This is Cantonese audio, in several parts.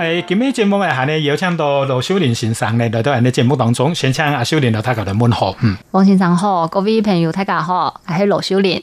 哎、今日節目咧，下咧要請到羅秀玲先生嚟嚟到我哋節目當中，先請阿秀玲啦，大家問好，嗯，王先生好，各位朋友大家好，係羅秀玲。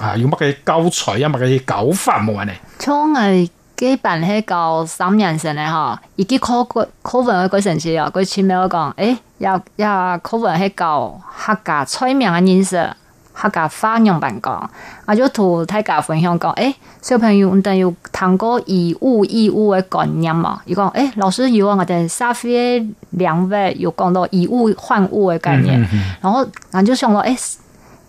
啊！有乜嘅教材，有乜嘅教法冇啊你？從藝基本係教三年性嘅嗬，而、欸、家考過課文嗰個陣時啊，佢前面有講，誒，又又課文係教客家菜名嘅認識，客家花樣班講，我就同大家分享講，誒、欸，小朋友，你等有談過以物易物嘅概念嘛？一個，誒、欸，老師要我哋沙飛兩百，有講到以物換物嘅概念，嗯嗯嗯，然後，然就想到，誒、欸。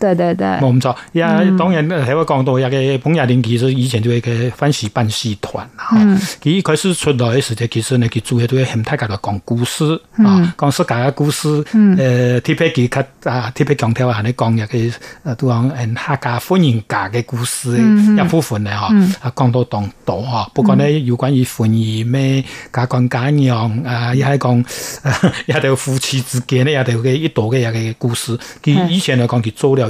對，對對冇毋錯呀，當然喺我講到一個彭雅玲，其實以前就係個歡喜扮戲團啦。佢開始出來嘅時就其實佢做嘅都係偏太家嚟講故事啊，講世界嘅故事。誒特別佢佢特別強調話係講，講一個都講誒客家方言家嘅故事一部分咧嚇，講到當多嚇。不過咧，有關於婚姻咩、家官家娘啊，亦係講也係夫妻之間咧，也係佢一多嘅一個故事。佢以前嚟講佢做了。